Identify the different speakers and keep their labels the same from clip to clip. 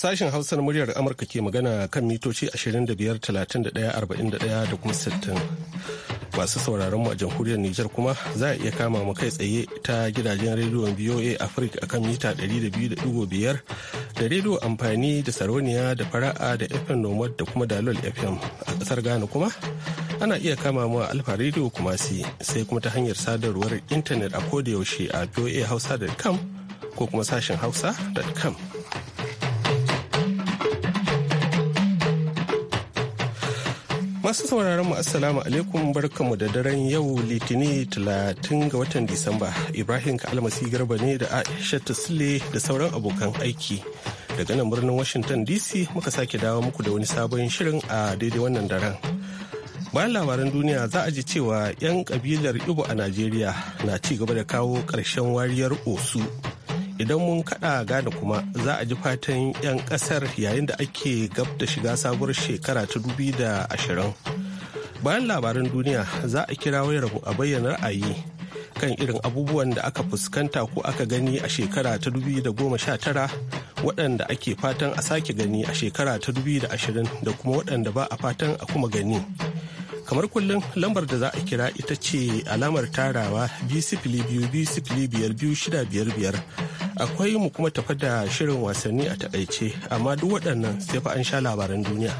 Speaker 1: Sashen Hausar muryar Amurka ke magana kan mitoci 25,31,41 da kuma 60. Masu sauraron mu a jamhuriyar Nijar kuma za a iya kama mu kai tsaye ta gidajen rediyon BOA Africa akan mita 200.5 da rediyo amfani da sarauniya da fara'a da FM Nomad da kuma Dalol FM a ƙasar Ghana kuma ana iya kama mu a Alfa rediyo kuma sai kuma ta hanyar sadarwar intanet a yaushe a hausa.com ko kuma sashen hausa.com. Masu sauraron mu assalamu alaikum barkamu da daren yau litini talatin ga watan Disamba. Ibrahim Kalmasi Garba ne da Aisha Sule da sauran abokan aiki. Daga nan birnin Washington DC muka sake dawo muku da wani sabon shirin a daidai wannan daren. Bayan labaran duniya za a ji cewa 'yan kabilar igbo a Najeriya na ci gaba da kawo ƙarshen wariyar Osu. idan mun kada gane kuma za a ji fatan 'yan kasar yayin da ake gab da shiga sabuwar shekara ta dubi da ashirin bayan labaran duniya za a kira wayar mu a bayyana ra'ayi kan irin abubuwan da aka fuskanta ko aka gani a shekara ta tara waɗanda ake fatan a sake gani a shekara ta ashirin da kuma waɗanda ba a fatan a kuma gani kamar kullum lambar da za a kira ita ce alamar tarawa biyu sifili biyu biyu biyar biyu shida biyar biyar akwai mu kuma tafi da shirin wasanni a taƙaice amma duk waɗannan sai fa an sha labaran duniya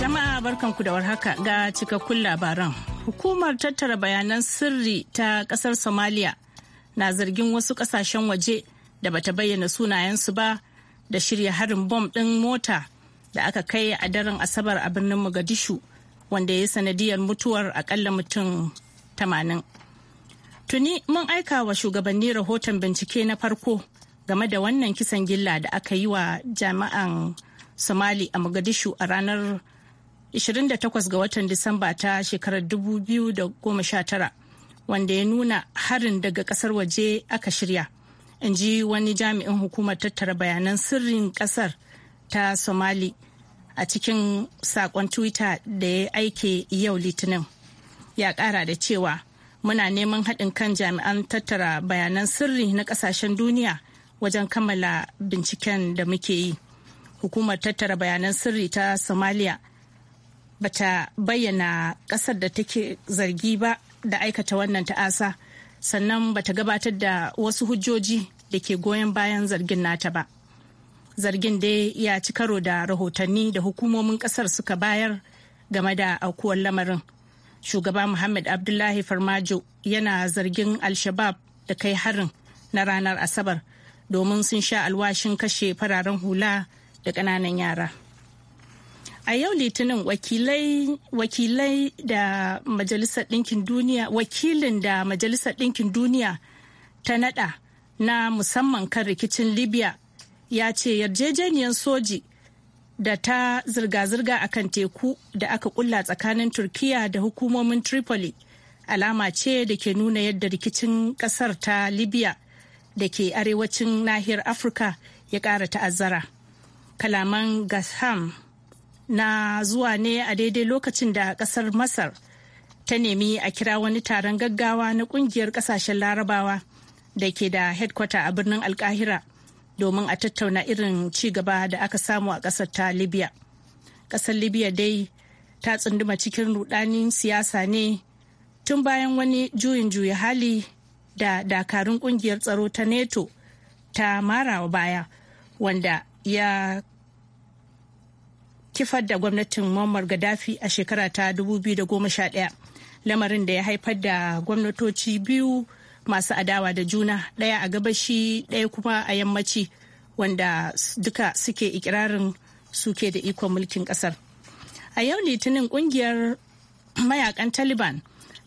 Speaker 2: jama'a barkanku da warhaka ga cikakkun labaran hukumar tattara bayanan sirri ta ƙasar somalia na zargin wasu ƙasashen waje da bata bayyana sunayensu ba da shirya harin bom ɗin mota da aka kai a daren asabar a birnin mogadishu wanda ya sanadiyar mutuwar akalla mutum 80. Tuni mun aika wa shugabanni rahoton bincike na farko game da wannan kisan gilla da aka yi wa jami'an Somali a Mogadishu a ranar 28 ga watan Disamba ta shekarar 2019 wanda ya nuna harin daga kasar waje aka shirya. In ji wani jami'in hukumar tattara bayanan sirrin kasar ta Somali a cikin sakon twitter da ya aike yau litinin ya kara da cewa muna neman haɗin kan jami'an tattara bayanan sirri na ƙasashen duniya wajen kammala binciken da muke yi hukumar tattara bayanan sirri ta somalia ba ta bayyana ƙasar da take zargi ba da aikata wannan ta'asa sannan ba ta gabatar da wasu hujjoji da ke goyon bayan zargin nata ba. zargin da ya ci karo da rahotanni da hukumomin kasar suka bayar game da aukuwar lamarin shugaba muhammad abdullahi farmajo yana zargin al-shabab da kai harin na ranar asabar domin sun sha alwashin kashe fararen hula da kananan yara a yau litinin da majalisar ɗinkin duniya wakilin da majalisar ɗinkin duniya ta nada na musamman kan rikicin libya ya ce yarjejeniyar soji da ta zirga-zirga a kan teku da aka kulla tsakanin turkiya da hukumomin tripoli alama ce da ke nuna yadda rikicin kasar ta libya da ke arewacin nahiyar afirka ya kara ta'azzara kalaman gasham na zuwa ne a daidai lokacin da kasar masar ta nemi a kira wani taron gaggawa na kungiyar kasashen larabawa da ke da headquarter a birnin alkahira domin a tattauna irin ci gaba da aka samu a ƙasar ta libya ƙasar libya dai ta tsunduma cikin rudanin siyasa ne tun bayan wani juyin juya hali da dakarun ƙungiyar tsaro ta neto ta marawa baya wanda ya kifar da gwamnatin Muammar Gaddafi a shekara ta 2011 lamarin da ya haifar da gwamnatoci biyu masu adawa da juna ɗaya a gabashi ɗaya kuma a yammaci wanda duka suke ikirarin suke da ikon mulkin ƙasar a yau litinin ƙungiyar mayakan taliban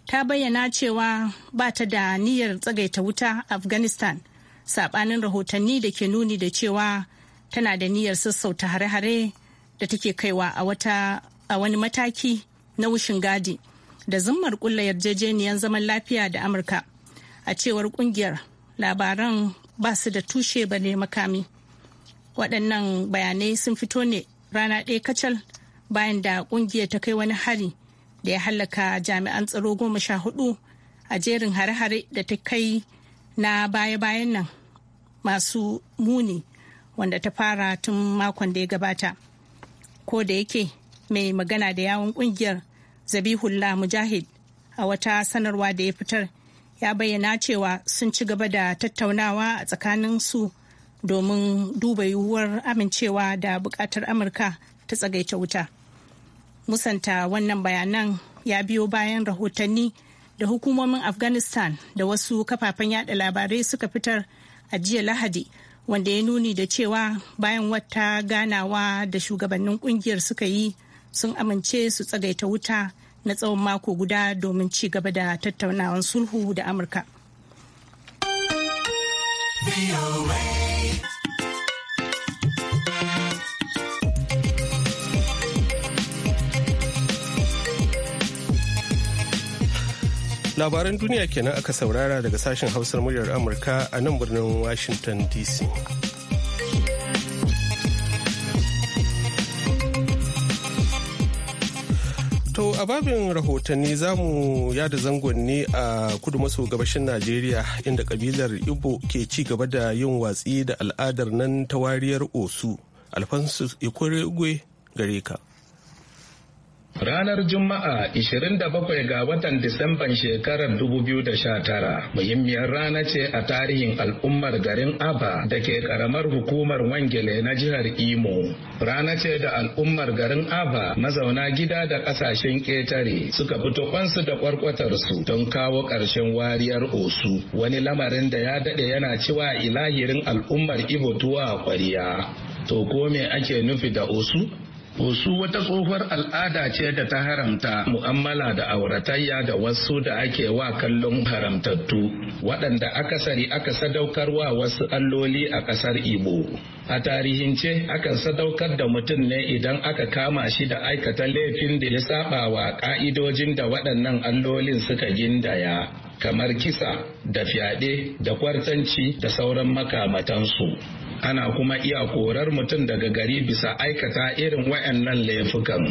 Speaker 2: ta bayyana cewa ba ta da niyyar tsagaita wuta afghanistan saɓanin rahotanni da ke nuni da cewa tana da niyyar sassauta hare-hare da take kaiwa a wani mataki na wushin gadi da zummar kulla yarjejeniyar zaman lafiya da amurka a cewar kungiyar labaran ba su da tushe ba ne makami waɗannan bayanai sun fito ne rana ɗaya kacal bayan da kungiyar ta kai wani hari da ya hallaka jami'an tsaro goma sha hudu a jerin hare-hare da ta kai na baya-bayan nan masu muni wanda ta fara tun makon da ya gabata ko da yake mai magana da yawon kungiyar zabihullah mujahid a wata sanarwa da ya fitar ya bayyana cewa sun ci gaba da tattaunawa a tsakanin su domin duba yiwuwar amincewa da bukatar amurka ta tsagaita wuta musanta wannan bayanan ya biyo bayan rahotanni da hukumomin afghanistan da wasu kafafen yada labarai suka fitar a jiya lahadi wanda ya nuni da cewa bayan wata ganawa da shugabannin kungiyar suka yi sun amince su tsagaita wuta na tsawon mako guda domin ci gaba da tattaunawan sulhu da amurka
Speaker 1: labaran duniya kenan aka saurara daga sashen hausar muryar amurka a nan birnin washington dc a babin rahotanni za mu yada zangon ne a kudu maso gabashin Najeriya inda kabilar Igbo ke ci gaba da yin watsi da al'adar nan ta wariyar Osu. alfansu Ikore Gareka. gare ka.
Speaker 3: Ranar Juma'a 27 ga watan Disamban shekarar 2019 muhimmiyar rana ce a tarihin al'ummar garin Aba da ke karamar hukumar Wangele na jihar Imo. Rana ce da al'ummar garin Aba mazauna gida da ƙasashen ƙetare suka fito kwansu da kwarkwatarsu don kawo ƙarshen wariyar osu wani lamarin da ya daɗe yana ciwa ilahirin al'ummar Ibo tuwa a ƙwariya. To ko me ake nufi da osu? Wasu wata tsohuwar al'ada ce da ta haramta mu'amala da auratayya da wasu da ake wa kallon haramtattu waɗanda akasari aka sadaukar wa wasu alloli a ƙasar Ibo. A tarihin ce akan sadaukar da mutum ne idan aka kama shi da aikata laifin da ya saba wa ƙa'idojin da waɗannan allolin suka gindaya. kamar kisa da fyaɗe da kwartanci da sauran makamatansu. ana kuma iya korar mutum daga gari bisa aikata irin wayannan laifukan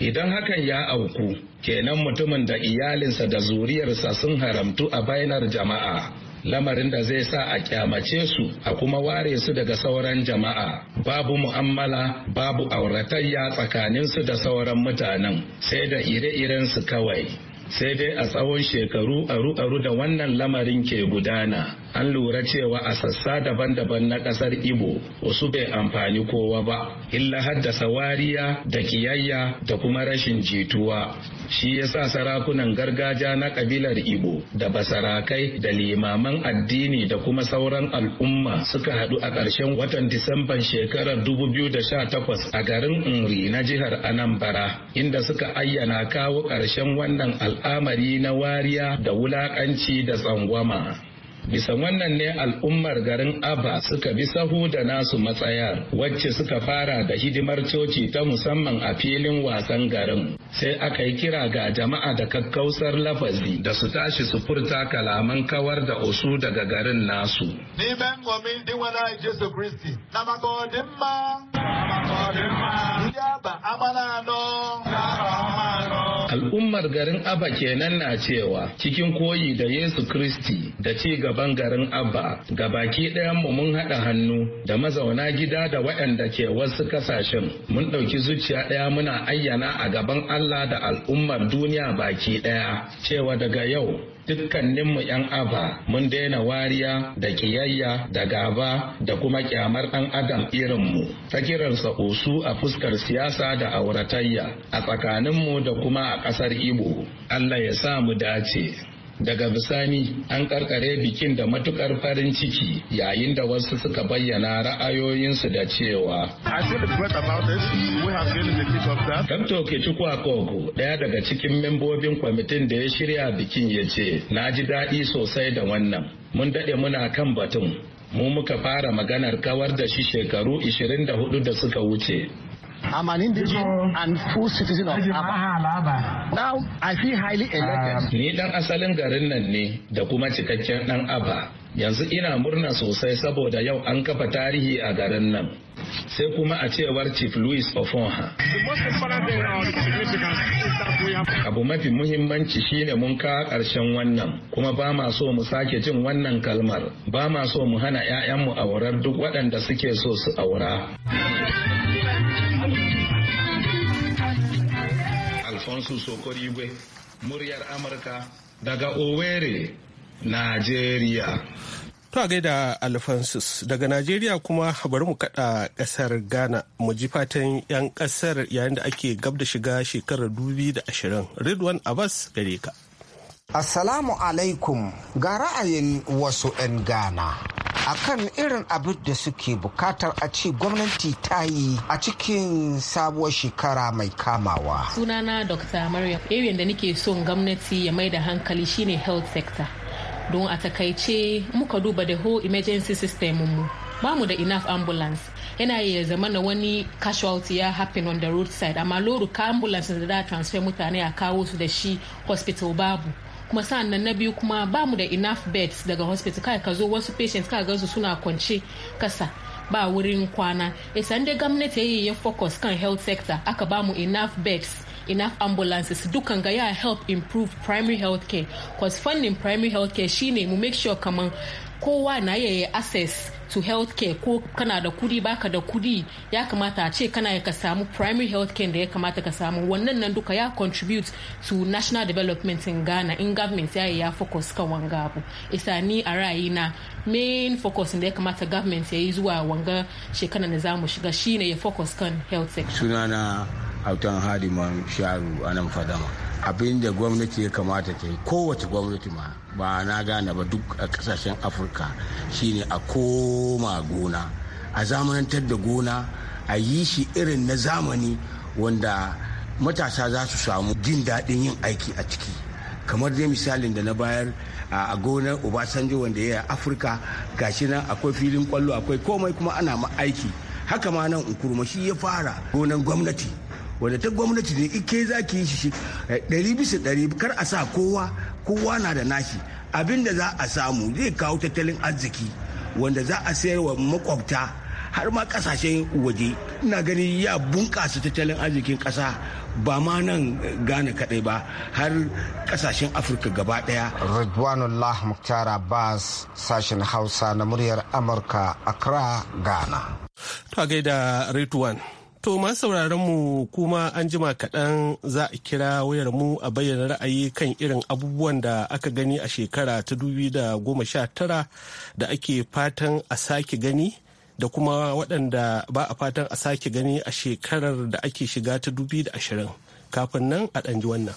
Speaker 3: idan hakan ya auku kenan mutumin da iyalinsa da zuriyarsa sun haramtu a bainar jama'a lamarin da zai sa a kyamace su a kuma ware su daga sauran jama'a babu mu'ammala babu auratayya tsakanin su da sauran mutanen sai da ire iren su kawai sai dai a tsawon shekaru aru-aru da wannan lamarin ke gudana an lura cewa a sassa daban-daban na kasar Ibo wasu bai amfani kowa ba, illa haddasa wariya da kiyayya da kuma rashin jituwa. Shi ya sa sarakunan gargajiya na kabilar Ibo da basarakai da limaman addini da kuma sauran al'umma suka haɗu a ƙarshen watan Disamban shekarar 2018 a garin unri na jihar Anambra, inda suka ayyana kawo ƙarshen wannan al'amari na wariya da wulaƙanci da tsangwama. bisa wannan ne al'ummar garin Aba suka bi sahu da nasu matsayar wacce suka fara da hidimar coci ta musamman a filin wasan garin sai aka yi kira ga jama'a da kakkausar lafazi da su tashi su furta kalaman kawar da osu daga garin nasu Kristi, ma, amana no alamar garin Abba kenan na cewa cikin koyi da Yesu Kristi da ci gaban garin Abba ga baki ɗayan mu mun haɗa hannu da mazauna gida da waɗanda ke wasu ƙasashen mun ɗauki zuciya ɗaya muna ayyana a gaban Allah da al'ummar duniya baki ɗaya cewa daga yau dukkaninmu 'yan aba mun daina wariya da kiyayya da gaba da kuma kyamar ɗan adam irinmu ta kiransa usu a fuskar siyasa da auratayya a tsakaninmu da kuma a ƙasar ibo allah ya sa mu dace daga bisani an karkare bikin da matukar farin ciki yayin da wasu suka bayyana ra'ayoyinsu da cewa Dr. Okechukwu daya daga cikin membobin kwamitin da ya shirya bikin ya ce na ji daɗi sosai da wannan mun daɗe muna kan batun mu muka fara maganar kawar da shi shekaru 24 da suka wuce
Speaker 4: I'm an
Speaker 5: indigenous and full citizen of ah, Aba. Now, I feel highly ah, elected.
Speaker 3: Ni dan asalin garin nan ne da kuma cikakken dan Aba. Yanzu ina murna sosai saboda yau an kafa tarihi a garin nan. Sai kuma a cewar Chief Louis Ofonha. Abu mafi muhimmanci shine mun kawo ƙarshen wannan kuma ba ma so mu sake jin wannan kalmar. Ba ma so mu hana 'ya'yanmu aurar duk waɗanda suke so su aura. Alfonso Sokorigwe, muryar Amurka daga Owerri, Najeriya.
Speaker 1: To a gaida Alphonsus daga Najeriya kuma bari mu kada kasar Ghana mu ji fatan 'yan kasar yayin da ake gab da shiga shekarar dubi 2020. Ridwan Abbas gare ka.
Speaker 5: Assalamu alaikum ga ra'ayin wasu 'yan Ghana. a kan irin abin da suke bukatar a ce gwamnati ta yi a cikin sabuwar shekara mai kamawa.
Speaker 6: Sunana Dr. Maryam, area da nake son gwamnati ya mai da hankali shine health sector. Don a takaice muka duba da whole emergency system mu. Ba mu da enough ambulance. yana iya zama na wani casualty ya happen on the roadside amma lori ka ambulance da da transfer mutane a kawo su da shi hospital babu kuma sa'an nan na biyu kuma ba mu da enough beds daga hospital kai ka zo wasu patients ka su suna kwance kasa ba wurin kwana isa dai gwamnati ya yi ya focus kan health sector aka ba mu enough beds enough ambulances dukan ga ya help improve primary health care cause funding primary health care shine mu make sure kaman kowa na iya access to health care ko kana da kudi baka da kudi ya kamata a ce kana ka samu primary health care da ya kamata ka samu wannan nan duka ya contribute to national development in ghana in government ya ya focus kan wanga abu isa ni a ra'ayi na main focus da ya kamata government ya yi zuwa wanga shekara da za mu shiga shine ya focus kan health sector
Speaker 5: na. autan hadiman sharu a nan fadama abin da gwamnati ya kamata ta yi kowace gwamnati ma ba na gane ba duk a kasashen afirka shine a koma gona a zamanantar da gona a yi shi irin na zamani wanda matasa za su samu jin daɗin yin aiki a ciki kamar dai misalin da na bayar a gonar obasanjo wanda ya yi afirka gashi nan akwai filin kwallo akwai komai kuma ana ma aiki haka ma nan nkuruma shi ya fara gonan gwamnati wadda ta gwamnati ne ike za ki yi shi eh, ɗari bisa ɗari kar a sa kowa kowa na da nashi abin da za a samu zai kawo tattalin arziki wanda za a sayar wa makwabta har ma kasashen waje ina gani ya bunƙasa tattalin arzikin ƙasa ba ma nan gane kaɗai ba har ƙasashen afirka gaba ɗaya. ridwanullah muktar abbas sashen hausa na muryar amurka accra ghana
Speaker 1: ta gaida ridwan To ma sauraron mu kuma an jima kaɗan za a kira wayar mu a bayyana ra'ayi kan irin abubuwan da aka gani a shekara ta dubi da goma sha tara da ake fatan a sake gani da kuma waɗanda ba a fatan a sake gani a shekarar da ake shiga ta dubi da ashirin kafin nan a ɗanji wannan.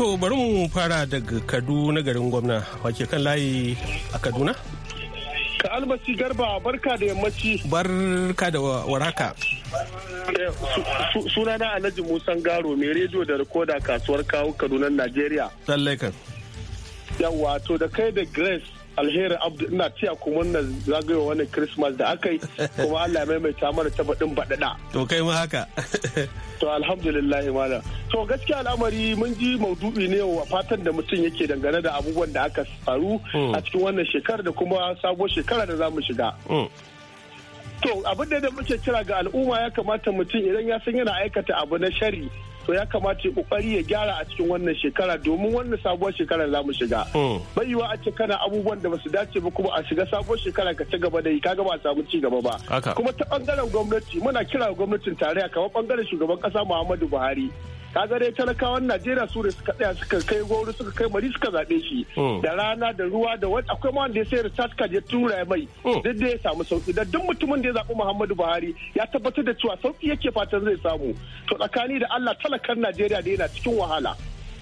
Speaker 1: To bari mu fara daga Kaduna garin gwamna wake kan layi a Kaduna? Ka almasi garba barka da yammaci. Barka da waraka.
Speaker 7: Suna na Alhaji Musan Garo mai rediyo da rikoda kasuwar kawo Kaduna Najeriya. Sallai kan. Yawwa to da kai da Grace alheri abdu ina ciya ku wannan zagayowa wani christmas da aka yi kuma allah maimaita mana ta baɗin baɗaɗa
Speaker 1: to kai mu haka
Speaker 7: to alhamdulillah mala to gaskiya al'amari mun ji maudu'i ne wa fatan da mutum yake dangane da abubuwan da aka faru hmm. a cikin wannan shekarar da kuma sabuwar shekara da za mu shiga hmm. to abin da muke kira ga al'umma ya kamata mutum idan ya san yana aikata abu na shari to ya kamata ya kokari ya gyara a cikin wannan shekara domin wannan sabuwar shekara za mu shiga hmm. baiwa a ce kana abubuwan da basu dace ba kuma a shiga sabuwar shekara ka ci gaba da yi kaga ba samu ci gaba ba kuma ta bangaren gwamnati muna kira gwamnatin tarayya kamar bangaren shugaban kasa Muhammadu Buhari ka ga dai talakawan najeriya su da suka tsaya suka kai goro suka kai mari suka zaɓe shi hmm. da rana da ruwa da wani akwai ma wanda ya sayar da card ya tura mai hmm. duk da ya samu sauki da duk mutumin da ya zaɓi muhammadu buhari ya tabbatar da cewa sauki yake fatan zai samu to tsakani da allah talakan najeriya da yana cikin wahala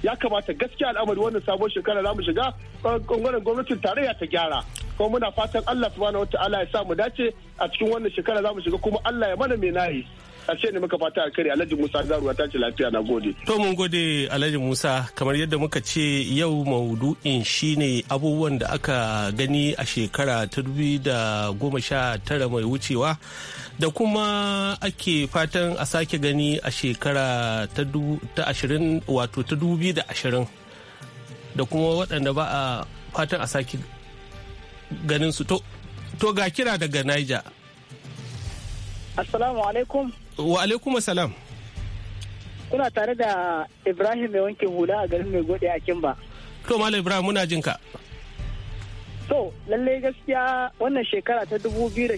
Speaker 7: ya kamata gaskiya al'amari wannan sabon shekara za mu shiga ɓangaren gwamnatin tarayya ta gyara kuma muna fatan allah subhanahu ta'ala ya sa mu dace a cikin wannan shekara za mu shiga kuma allah ya mana mai nayi ce ne muka fata alkhairi Alhaji Musa Zaruwa ta ce lafiya na gode.
Speaker 1: To mun gode Alhaji Musa kamar yadda muka ce yau maudu'in shine abubuwan da aka gani a shekara ta da goma sha tara mai wucewa da kuma ake fatan a sake gani a shekara ta ashirin wato ta dubi da ashirin da kuma waɗanda ba a fatan a sake ganin su to ga kira daga Niger. Assalamu alaikum. Wa alaikum salam.
Speaker 8: Kuna tare da Ibrahim mai wankin hula a garin mai gode a Kimba.
Speaker 1: To Malam Ibrahim muna jin ka.
Speaker 8: To lallai gaskiya wannan shekara ta 2019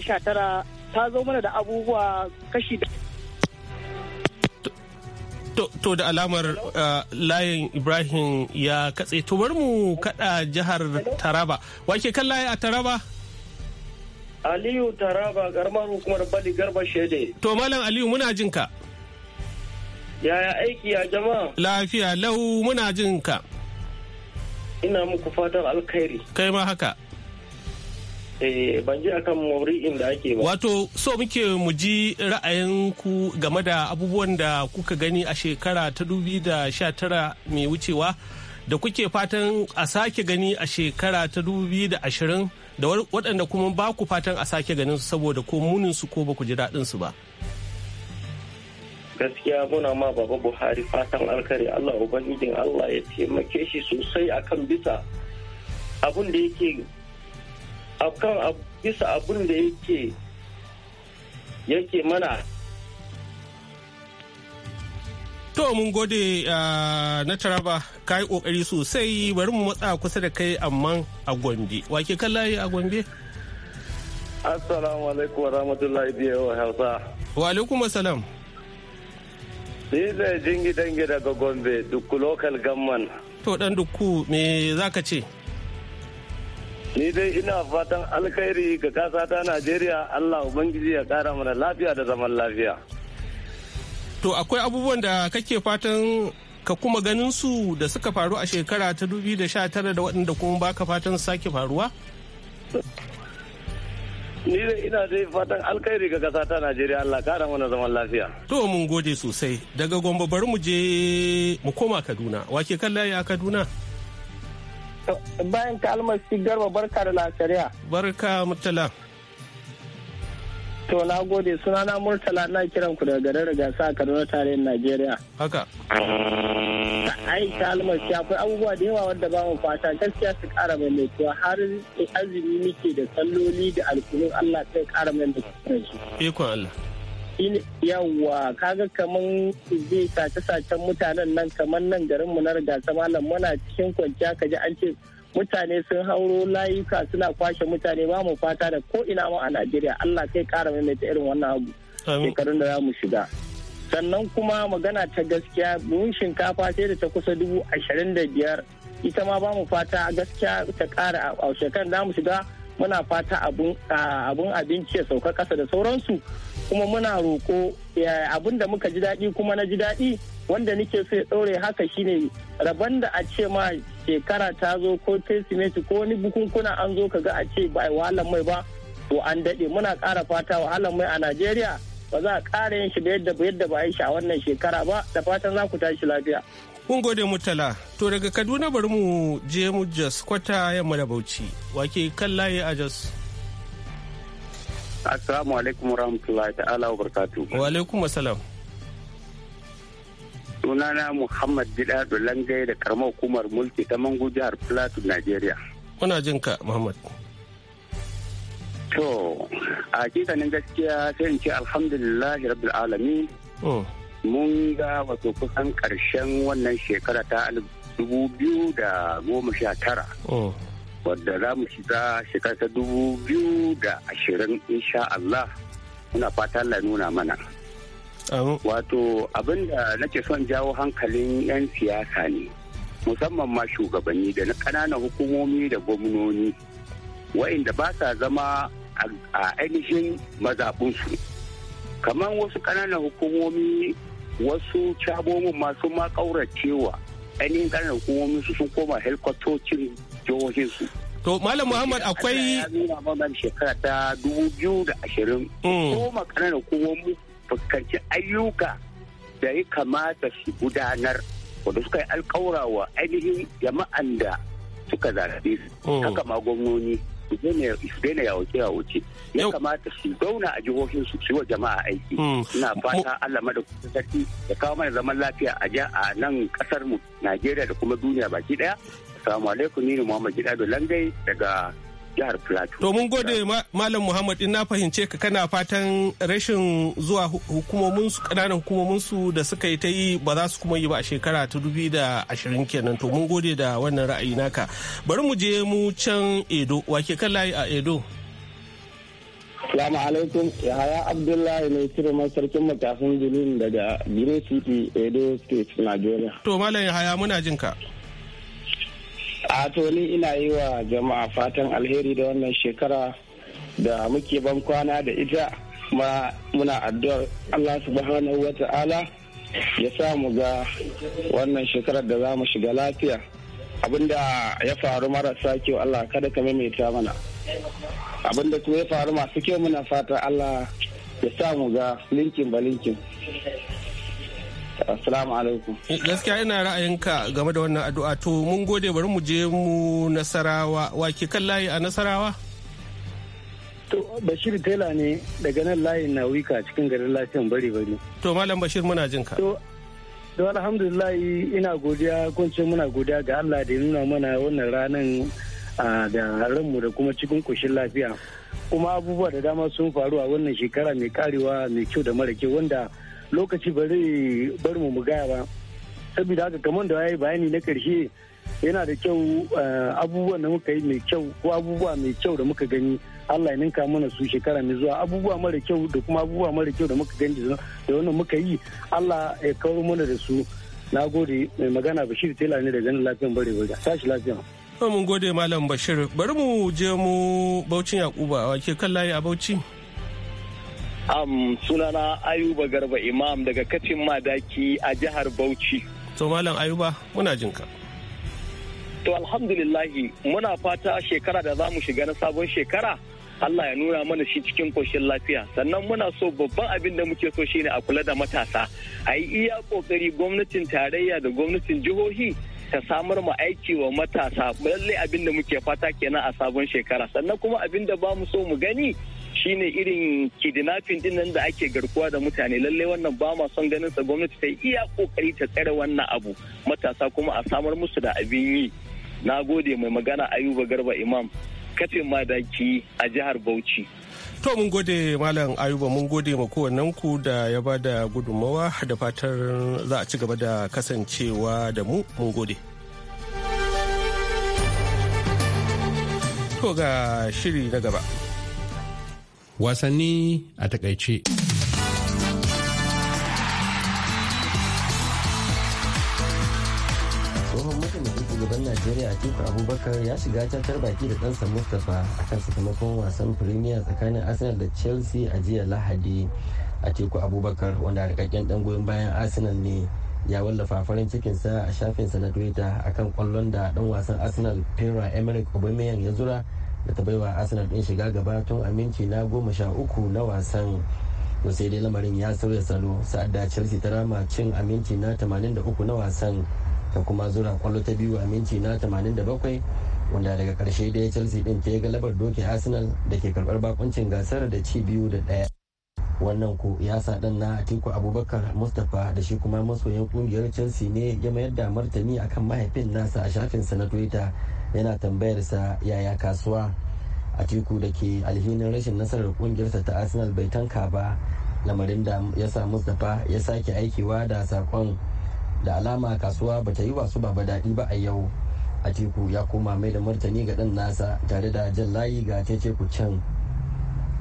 Speaker 8: ta zo mana da abubuwa kashi da
Speaker 1: to da alamar uh, layin ibrahim ya katse to bari mu kada jihar taraba Wa ke kan layi a taraba
Speaker 8: Aliyu Taraba
Speaker 1: garmar hukumar Bali Garba Shede. To Malam Aliyu muna jin ka.
Speaker 8: Yaya aiki ya jama'a?
Speaker 1: Lafiya lau muna jin ka.
Speaker 8: Ina muku fatan alkhairi.
Speaker 1: Kai ma haka.
Speaker 8: Eh ban ji akan maurin da ake
Speaker 1: ba. Wato so muke mu ji ra'ayin ku game da abubuwan da kuka gani a shekara ta tara mai wucewa da kuke fatan a sake gani a shekara ta ashirin. da waɗanda kuma ba ku fatan a sake ganin su saboda ko munin su ko ba ku ji daɗin su ba
Speaker 8: gaskiya muna ma baba buhari fatan alkare allah ubangijin allah ya taimake shi sosai akan bisa abun da yake bisa abin da yake yake mana
Speaker 1: To mun gode ah, na taraba ka yi ƙoƙari sosai bari mu matsa kusa da kai amma a Gombe. kan layi a Gombe? Assalamu
Speaker 9: alaikum wa rahmatullahi biya wa hausa.
Speaker 1: Wa alaikum assalam.
Speaker 9: Ni zai jingi dangi daga Gombe dukku local gamman.
Speaker 1: To dan dukku me za ka ce?
Speaker 9: Ni dai ina fatan alkhairi ga kasa ta Najeriya Allah Ubangiji ya kara mana lafiya da zaman lafiya.
Speaker 1: To akwai abubuwan da kake fatan ka kuma ganin su da suka faru a shekara ta 2019 da waɗanda kuma baka fatan sake faruwa?
Speaker 7: Ni da ina
Speaker 9: dai fatan alkhairi ga kasa ta Najeriya Allah kara mana zaman lafiya.
Speaker 1: To mun gode sosai daga Gombe bari mu je mu koma Kaduna. Wake kan layi a Kaduna? Bayan ka almasi garba barka da lasariya. Barka mutala.
Speaker 8: To na gode suna na Murtala na kiran ku daga garin Rigasa a Kaduna tarihin Najeriya.
Speaker 1: Haka. Ai ta almasi akwai
Speaker 8: abubuwa da yawa wanda ba mu fata gaskiya su kara mai mai har azumi muke da salloli da alkunun Allah sai kara mai mai
Speaker 1: su. Ikon Allah.
Speaker 8: yawwa kaga kaman zai sace-sacen mutanen nan kaman nan garinmu na rigasa malam muna cikin kwanciya kaji an ce mutane sun hauro layuka suna kwashe mutane ba mu fata da ko ina ma a Najeriya Allah kai kara maimaita irin wannan abu shekarun da za mu shiga sannan kuma magana ta gaskiya buhun shinkafa sai da ta kusa dubu ashirin da biyar ita ma ba mu fata gaskiya ta kara a shekarun da mu shiga muna fata abun abinci ya sauka kasa da sauransu kuma muna roƙo abin da muka ji daɗi kuma na ji daɗi wanda nike so ya ɗaure haka shine rabon da a ce ma shekara ta zo ko tesimeti ko wani bukunkuna an zo kaga a ce ba wahalar mai ba to an daɗe muna ƙara fata wahalar mai a najeriya ba za a ƙara yin shi da yadda ba yadda ba a yi shi a wannan shekara ba da fatan za ku tashi lafiya.
Speaker 1: Mun gode Murtala, to daga Kaduna bari mu je mu Jos kwata yamma da Bauchi, wake kan layi a Jos.
Speaker 9: Assalamu alaikum warahmatullahi ta'ala wa barkatu.
Speaker 1: Wa alaikum assalam.
Speaker 9: Sunana Muhammad Bidado Langai da karamar hukumar mulki ta Mangu jihar Plateau,
Speaker 1: nigeria Kuna jin ka Muhammad.
Speaker 9: To, a kitanin gaskiya sai in ce alhamdulillahi rabbil alamin. Oh. Mun ga wato kusan karshen wannan shekara ta alif dubu biyu da goma sha tara. Oh. wadda za mu shiga shekara ta dubu biyu da ashirin insha Allah muna fata Allah nuna mana. Wato abin da nake son jawo hankalin 'yan siyasa ne musamman ma shugabanni da na ƙananan hukumomi da gwamnoni wa'inda ba sa zama a ainihin mazaɓunsu. Kamar wasu ƙananan hukumomi wasu cabomin masu ma ƙauracewa ainihin ƙarin hukumomin su sun koma helkwatocin jihohinsu. To Malam Muhammad akwai. Ya nuna shekara ta dubu biyu da ashirin. Mm. Koma ƙananan hukumomin fuskanci ayyuka da ya kamata su gudanar wanda suka yi alkawura wa ainihin jama'an da suka zarafe su. Mm. Haka ma gwamnoni su daina yawace yawace ya kamata su zauna a jihohin su su wa jama'a aiki hmm. ina fata Allah madaukakin sarki ya kawo mana zaman lafiya a ja a nan kasar mu Najeriya da kuma duniya baki daya assalamu alaikum ni ne Muhammad Gidado Langai daga jihar plateau to mun gode
Speaker 1: malam muhammad in na fahimce ka kana fatan rashin zuwa hukumomin su kananan hukumomin su da suka yi ta yi ba za su kuma yi ba a shekara ta dubi da ashirin kenan to mun gode da wannan ra'ayi naka bari mu je mu can edo wake kan layi a edo Salamu
Speaker 8: alaikum, Yahaya Abdullahi mai cire sarkin matafin jinin daga Gire City, Edo
Speaker 1: State, Nigeria. To, Malam Yahaya muna jinka. ka. a
Speaker 8: to ni ina yi wa jama'a fatan alheri da wannan shekara da muke ban kwana da ita ma muna addu'ar allah subhanahu wa ta'ala ya sa mu ga wannan shekarar da za mu shiga lafiya abinda ya faru marasa kyau allah kada ka maimaita mana abinda kuma ya faru masu kyau muna fata allah ya sa mu ga linkin ba linkin Assalamu
Speaker 1: alaikum. Eh, gaskiya ina ra'ayinka game da wannan addu'a to mun gode bari mu je mu Nasarawa wa ke kan layi a Nasarawa?
Speaker 9: To Bashir Tela ne daga nan layin na wika cikin garin lafiyan bari bari. To Malam Bashir muna jin ka. To alhamdulillah ina godiya kun ce muna godiya ga Allah da ya nuna mana wannan ranan da ranmu da kuma cikin koshin lafiya. Kuma abubuwa da dama sun faru a wannan shekara mai karewa mai kyau da mara kyau wanda lokaci ba zai bar mu mu gaya ba saboda haka kamar da yayi bayani na karshe yana da kyau eh, abubuwan da muka yi mai kyau ko abubuwa mai kyau da muka gani Allah ya ninka mana su shekara mai zuwa abubuwa mara kyau da kuma abubuwa mara kyau da muka gani da wannan muka yi Allah ya kawo mana da su na gode mai magana Bashir Tela ne daga nan lafiyan bare bare tashi lafiya
Speaker 1: mun gode malam Bashir bari mu je mu Baucin Yakuba wake kan layi a Bauchi
Speaker 9: Am sunana Ayuba Garba Imam daga Katin Madaki a jihar
Speaker 1: Bauchi. To Malam Ayuba muna jin ka.
Speaker 9: To alhamdulillahi muna fata shekara da za mu shiga na sabon shekara Allah ya nuna mana shi cikin koshin lafiya sannan muna so babban abin da muke so shine a kula da matasa a yi iya kokari gwamnatin tarayya da gwamnatin jihohi ta samar mu aiki wa matasa lallai abin da muke fata kenan a sabon shekara sannan kuma abin da ba mu so mu gani shine irin kidnapping din nan da ake garkuwa da mutane lallai wannan ba ma son ganin sa gwamnati ta iya kokari ta tsare wannan abu matasa kuma a samar musu da abin yi na gode mai magana ayuba garba imam kafin madaki a jihar bauchi
Speaker 1: To mun gode Malam Ayuba mun gode ma kowannen ku da ya ba da gudummawa da fatar za a ci gaba da kasancewa da mu mun gode. To ga shiri na gaba. wasanni a takaice.
Speaker 4: tsohon mataimakin shugaban najeriya atiku abubakar ya shiga cacar baki da ɗansa mustapha kan sakamakon wasan premier tsakanin arsenal da chelsea a jiya lahadi atiku abubakar wanda rikakken ɗan goyon bayan arsenal ne ya wallafa farin cikinsa a shafinsa na twitter akan kwallon da ɗan wasan arsenal pera emerick aubameyang ya zura da ta baiwa arsenal din shiga gaba tun a minti na goma sha uku na wasan to sai dai lamarin ya sauya salo sa'ad da chelsea ta rama cin a minti na 83 na wasan ta kuma zura kwallo ta biyu a minti na 87 wanda daga karshe dai chelsea din ta yi galabar doki arsenal da ke karbar bakuncin gasar da ci biyu da daya wannan ku ya sa dan na atiku abubakar mustapha da shi kuma masoyan kungiyar chelsea ne ya mayar da martani akan mahaifin nasa a shafinsa na twitter yana tambayarsa yaya kasuwa a tiku da ke alhinin rashin nasarar kungiyarsa ta arsenal bai tanka ba lamarin da ya sa mustapha ya sake aikewa da sakon da alama kasuwa ba ta yi wasu ba daɗi ba a yau a tiku ya koma mai da martani ga ɗan nasa tare da jan layi ga ku can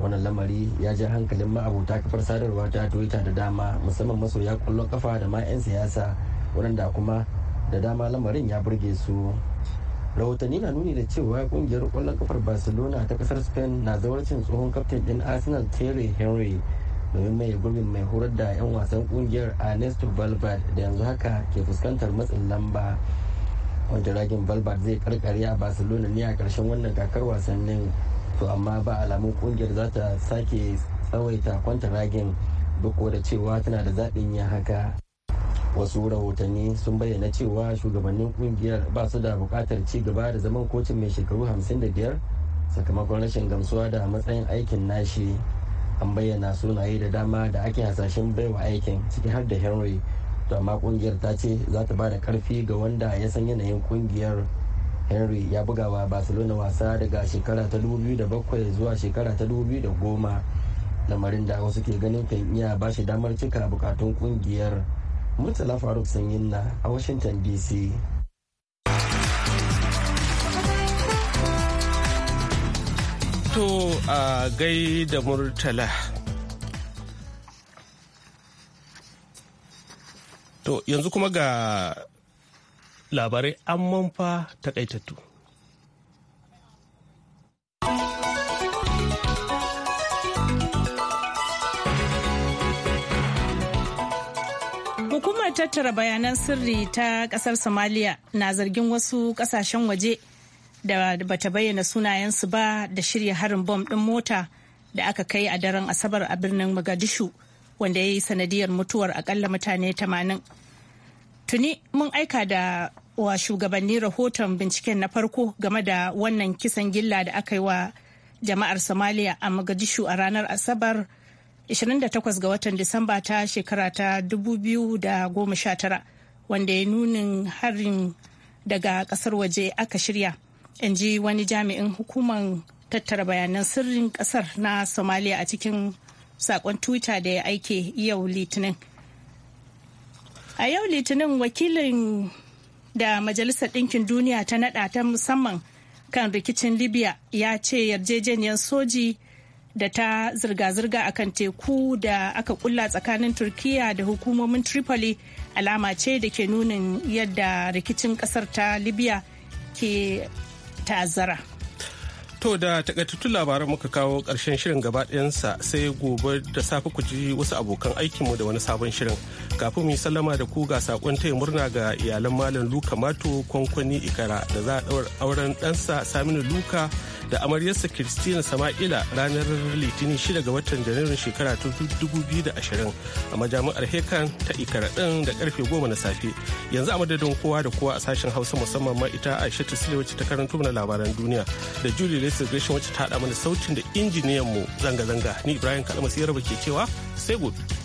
Speaker 4: wannan lamari ya ja hankalin ma'abota kafar sadarwa ta twitter da dama musamman masoya kwallon kafa da ma 'yan siyasa waɗanda kuma da dama lamarin ya burge su rahotanni na nuni da cewa kungiyar kwallon kafar barcelona ta kasar spain na zawarcin tsohon kaftin din arsenal terry henry domin mai gurbin mai horar da 'yan wasan kungiyar ernesto valverde da yanzu haka ke fuskantar matsin lamba wanda ragin valverde zai karkare a barcelona ne a karshen wannan kakar wasannin to amma ba alamun kungiyar za ta sake tsawaita kwanta ragin duk da cewa tana da zaɓin yin haka wasu rahotanni sun bayyana cewa shugabannin kungiyar ba su da bukatar ci gaba da zaman kocin mai shekaru 55 sakamakon rashin gamsuwa da matsayin aikin nashi an bayyana sunaye da dama da ake hasashen baiwa aikin ciki har da henry to amma kungiyar ta ce za ta ba da karfi ga wanda ya san yanayin kungiyar henry ya buga wa barcelona wasa daga shekara ta 2007 zuwa shekara ta 2010 lamarin da wasu ke ganin kan iya ba shi damar cika bukatun kungiyar murtala faruk sanyin na a washington dc
Speaker 1: to a gai da murtala to yanzu kuma ga labarai an manfa takaitattu
Speaker 2: tattara bayanan sirri ta kasar Somalia na zargin wasu kasashen waje da bata bayyana sunayensu ba da shirya harin bom ɗin mota da aka kai a daren Asabar a birnin Mogadishu wanda ya yi sanadiyar mutuwar akalla mutane 80. Tuni mun aika da wa shugabanni rahoton binciken na farko game da wannan kisan gilla da aka yi wa jama'ar Somalia a magadishu a ranar Asabar. 28 ga watan Disamba ta shekara ta 2019 wanda ya nunin harin daga kasar waje aka shirya. in ji wani jami'in hukumar tattara bayanan sirrin kasar na somalia a cikin sakon twitter da ya aike yau litinin a yau litinin wakilin da majalisar ɗinkin duniya ta nada ta musamman kan rikicin libya ya ce yarjejeniyar soji da ta zirga-zirga akan teku da aka kulla tsakanin turkiya da hukumomin tripoli alama ce da ke nunin yadda rikicin kasar ta libya ke ta'azzara
Speaker 1: to da takaitattun labaran muka kawo karshen shirin gabaɗayansa sai gobe da safe ku ji wasu abokan aikinmu da wani sabon shirin kafin mu sallama da ku ga sakon taya murna ga iyalan malam luka mato kwankwani ikara da za a ɗaurar auren ɗansa saminu luka da amaryarsa Christina Sama'ila ranar Litinin 6 ga watan Janairun shekara ta 2020 a majami'ar Hekan ta Ikaraɗin da karfe goma na safe. Yanzu a madadin kowa da kowa a sashen Hausa musamman ma ita Aisha Sile wacce ta karanto mana labaran duniya da Julie Lester Gresham wacce ta haɗa mana sautin da injiniyan mu zanga-zanga ni Ibrahim Kalamasi raba ke cewa sai gobe.